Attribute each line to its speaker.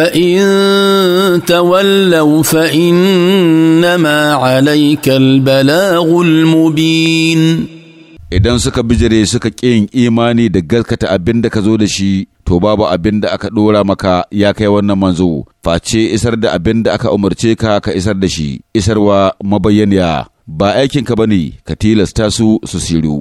Speaker 1: فان تولوا فانما
Speaker 2: عليك البلاغ المبين idan suka bijire suka ƙin imani da gaskata abin da ka zo da shi to babu abin da aka ɗora maka ya kai wannan manzo face isar da abin da aka umarce ka ka isar da shi isarwa mabayyaniya ba aikinka ba ne ka tilasta su su siru